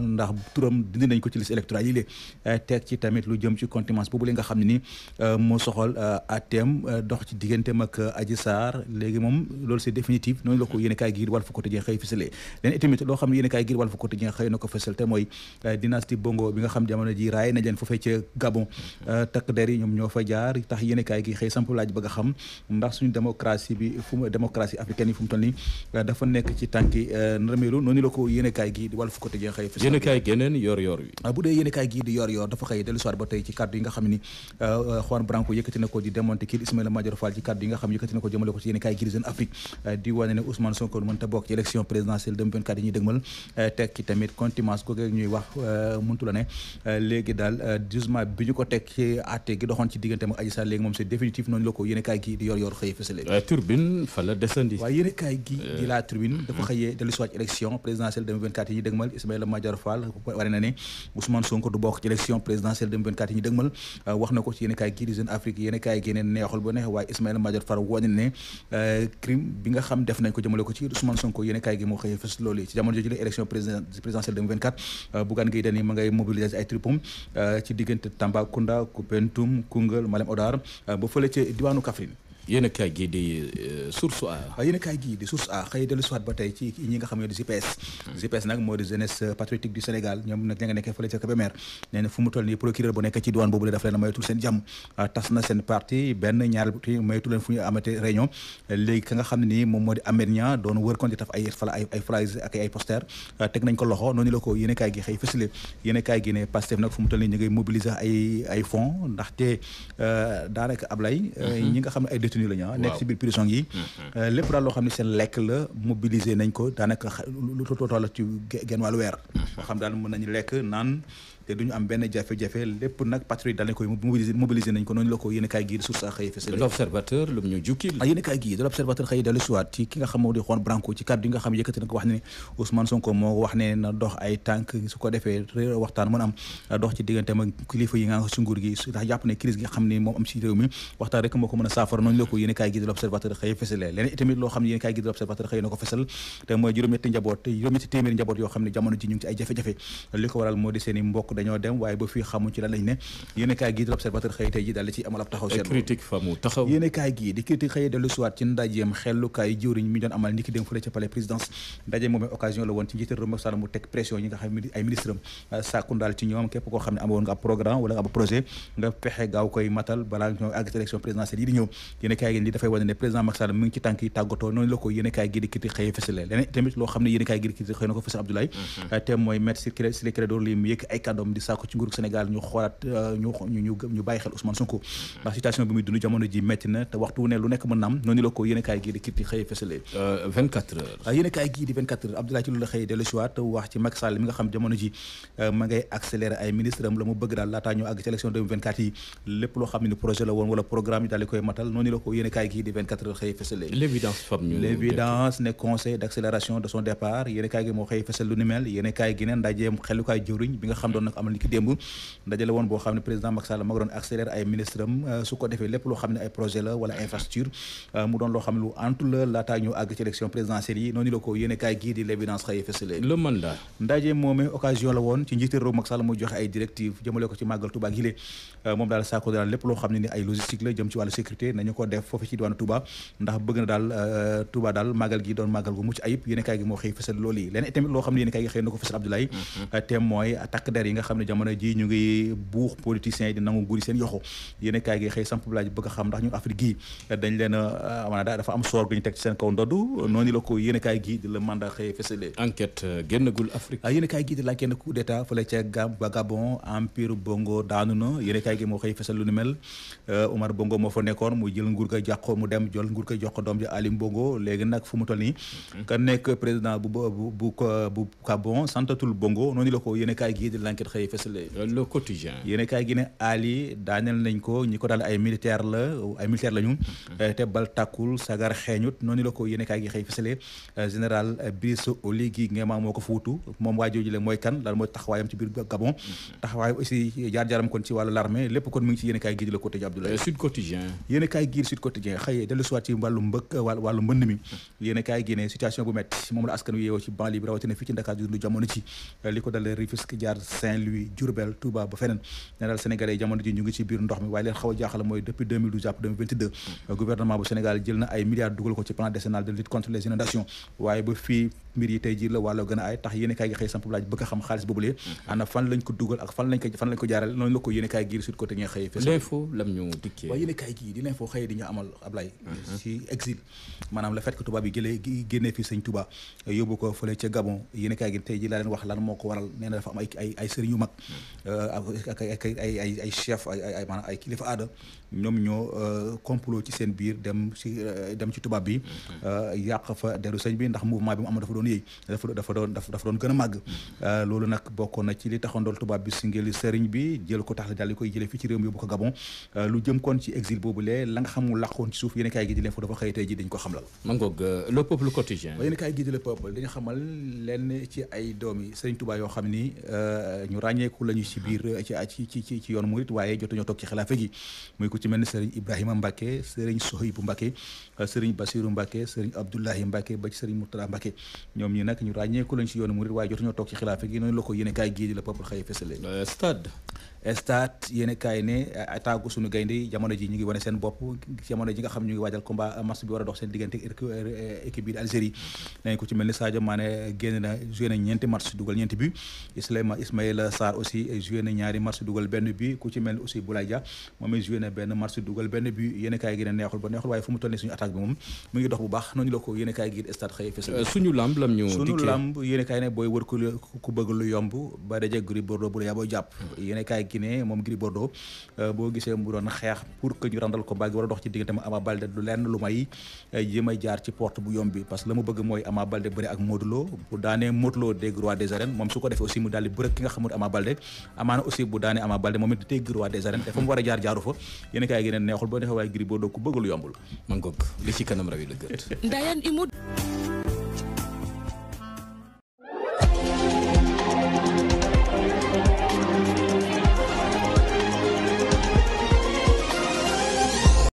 ndax turam dindi nañ ko ci liste électorale yi la eh, ci tamit lu jëm ci contumace boobu li nga xam ni eh, moo soxal eh, atem dox ci digganteem ak Adji Sarr léegi moom loolu c'est définitif noonu la ko mm-hmm. yéen mm-hmm. gi xëy fu ko yéen kaay gi Walf yéen kaay ah, euh, euh, euh, gi doxoon ci diggante ak turbine fa la desandi waaye yéen kaay gii turbine dafa mm-hmm. xëyee dellu soir élection présidentielle 2024 yi ñuy dëgmal Ismaïla Madior Fall waree na ne Ousmane Sonko du bokk ci élection présidentielle 2024 yi ñu euh, wax na ko ci yéen kaay di Jeune Afrique yéen kaay génne neexul ba neex waaye Ismaïla Madior Fall wooñe ne euh, crime bi nga xam def nañ ko jëmale ko ci Ousmane Sonko yéen kaay gi moo xëyee fës loolu ci jamono jooju la élection présidentielle 2024 euh, Bougane Gueye Dany ma ngay mobiliser ay troupam ci diggante Tambacounda Koumpentoum Koungheul Malem Hodar ba yéen a kaay gii di euh, source A. waaw yéen a kaay gii di source A xëy dellu si waat ba tey ci ñi nga xam ne di GPS. Hmm. GPS nag moo di jeunesse patriotique du Sénégal ñoom nag ña nga nekkee fële ca Kébémer nee na fu mu toll nii procureur bu nekk ci diwaan boobu la daf leen a mayatul seen jàmm ah, tas na seen parti benn ñaar mayatul leen fu ñu amate réunion léegi ka nga xam ne nii moom moo di Amerña doon wër kon di taf ay fala ay ay phrase ak ay poster ah, teg nañ ko loxo noonu la ko yéen a kaay gi xëy fësale yéen a kaay gi ne Pastef nag fu mu toll nii ñu ngay mobiliser ay ay fonds ndaxte euh, daanaka Ablaye hmm. ñi nga xam ne ay détenu détenu la ñu nekk si biir prison yi mm-hmm. euh, lépp daal loo xam ne seen lekk la mobiliser nañ ko daanaka lu total ci genn wàllu weer mm-hmm. xam daal mën nañu lekk naan te duñu am benn jafe-jafe lépp nag patriote daal nañ koy mobiliser nañ ko noonu la ko yéen a kaay gii di source xëy fësal l'observateur lu ah, ne Ousmane Sonko moo ko defee réer waxtaan mën am dox ci diggante mag kilifa yi loo xam ne yéen a kaay gii de l'observateur ko fësal te mooy juróom njaboot juróom-ñetti téeméeri njaboot yoo xam ne jamono ji ñu ci ay jafe-jafe li ko waral moo di seen mbokk dañoo dem waaye ba fii xamuñ ci lan lañ ne yéen kaay gii di l'observateur xëy tey ji daal ci amal ab taxaw seetlu critique fa mu taxaw yéen kaay gii di critique xëy dellu siwaat ci ndajeem xellukaay jëwriñ mi doon amal ni ki dem fële ca palais présidence ndaje moomee occasion la woon ci njiital Rome Sall mu teg pression yi nga xam ay ministre am euh, sàkku daal ci ñoom képp koo xam ne amoon nga ab programme wala nga ab projet nga fexe gaaw koy matal balaa ñoo àgg élection présidentielle yi di ñëw yéen kaay gi li dafay wane ne président Macky Sall mu ngi ci tànk yi tàggatoo noonu la ko yéen kaay gii di critique xëy fësale leneen tamit loo xam ne yéen kaay gii di critique xëy na ko fësal Abdoulaye mm-hmm. euh, te mooy maître Ciré Clédor Ly mu yëkk ay kàddoom itam di saako ci nguuru Sénégal ñu xoolaat euh, ñu bàyyi xel Ousmane Sonko ndax situation bi muy dund jamono ji metti na te waxtu ne lu nekk mën na am noonu la ko yéen a di xëye fësale 24 euh, heures euh, yéen ne ni yi la ko yéen a di xëye fësale l'évidence ne conseil d'accélération de son départ yéen gi moo xëye fësal lu ni mel gi ne ndajeem xelukaay jëwriñ bi nga xam doon doon amal ni ki démb dajale woon boo xam ne président Macky Sall ma doon accéléré ay ministre euh, su ko defee lépp loo xam ne ay projet la wala infrastructure euh, mu doon loo xam ne lu antu la laataa euh, loo xam ne ni ay logistique la jëm ci wàllu sécurité nañu ko def foofu ci diwaanu Touba ndax bëgg na daal Touba daal màggal gi doon màggal gu mucc ayib yéene kaay moo xëy fësal loolu yi leneen loo xam ne yéene kaay xëy na ko fësal Abdoulaye mm-hmm. te nga xam ne jamono ji ñu ngi buux politiciens yi di nangu nguur yi seen yoxo yéen kaay gi xëy samp laaj bëgg a xam ndax ñun gi dañ leen euh, la ko yéen kaay gi di la mandat xëy fësalee enquête euh, génnagul Afrique ah, la kenn coup d'état empire Bongo daanu na yéen gi moo xëy fësal lu ni mel euh, Omar Bongo moo fa nekkoon mu jël nguur ga jàq mu dem jël nguur ga jox doom ji Ali Bongo léegi nag fu mu toll nii mhm. nekk président bu bu bu Gabon santatul Bongo noonu la ko yéen gi di l'enquête xëy fësale le quotidien yéen kaay gi Sud Quotidien yéen kaay gi soit ci wàllu mbëkk wàllu mbënd mi mm-hmm. yéen kaay gi situation bu métti moom la askan wi yeewoo ci banlieue bi rawatina fii ci Dakar jamono ci eh, li ko dalee Rufisque jaar Saint Saint-Louis Diourbel ba feneen ne daal jamono ji ñu ngi ci biir ndox mi waaye leen xaw jaaxal mooy depuis 2012 jàpp hmm. bu Sénégal jël na ay milliards dugal ko ci plan décennal de waaye ba fii mbir yi tey jii la wàllu gën a ay tax yéen gi xëy samp bëgg xam xaalis boobulee hmm. ana fan lañ ko dugal ak fan lañ ko fan noonu la ko yéen gi sud côté nga ñu xëyee di ñu amal hmm. yóbbu ko fële ca Gabon yéen gi tey jii laa leen wax yu mag euh, ak ay ay ay ay chef ay ay maanaam ay kilifa aada ñoom ñoo euh, complot ci seen biir dem ci euh, tubaab bi yàq fa deru sëñ bi ndax mouvement bi mu amoon dafa doon yëy dafa dafa doon dafa doon gën a màgg loolu nag bokkoon na ci li taxandool tubaab bi singeli sëriñ bi jël ko tax la daal di koy jëlee fii ci réew mi yóbbu ko Gabon lu jëm kon ci exil boobu lee la nga xam mu làqoon ci suuf yéen kaay gi leen fa dafa xëy tey ji dañ ko xam lal mangoog ci ay doomi sëriñ Tuubaa yoo xam ni ñu ràññeeku lañu ci biir ci ci ci ci yoon murit waaye jotuñoo toog ci xilaafa gi muy euh, ba ci sëriñ Murtada Mbacke ñoom ñi nag ñu ràññeeku lañu yoon murit waaye jotuñoo toog ci xilaafa gi noonu la ko yéene kaay euh, euh, ji ñu ngi wane seen bopp jamono ji nga xam ñu ngi waajal combat a dox seen diggante équipe bi Algérie nañ ko ci mel ni Sadio Mané génn na joué na ñeenti match dugal ñeenti bi Islama Ismaïla Sarr aussi joué na ñaari match dugal benn but ku ci mel ni aussi Boulaye Dia moom it joué na benn match dugal benn but yéen a kaay gi ne neexul ba neexul waaye fu mu toll nii suñu attaque bi moom mu ngi dox bu baax noonu la ko yéen a kaay gi stade xëy fës euh, suñu lamb lam ñu suñu lamb yéen a kaay ne booy wër ku ku bëgg lu yomb ba daje Gris Bordeaux bu la yaa booy jàpp yéen a kaay gi ne moom Gris Bordeaux euh, boo gisee mu doon xeex pour que ñu randal combat gi war a dox ci diggante ma Ama Baldé du lenn lu may euh, jéem a jaar ci porte bu yomb bi parce que la mu bëgg mooy Ama Baldé bëri ak Modou Lo bu daanee Modou Lo dégg roi des arènes moom su ko defee aussi mu daal di bërëk ki nga xamul Ama Balde amaana aussi bu daane Balde moom it tey gir waa des arènes te fa mu war a jaar jaaru fa yéen kaay gi ne neexul boo defee waaye Gris ku bëggul yombul man ko li ci kanam rawi la gët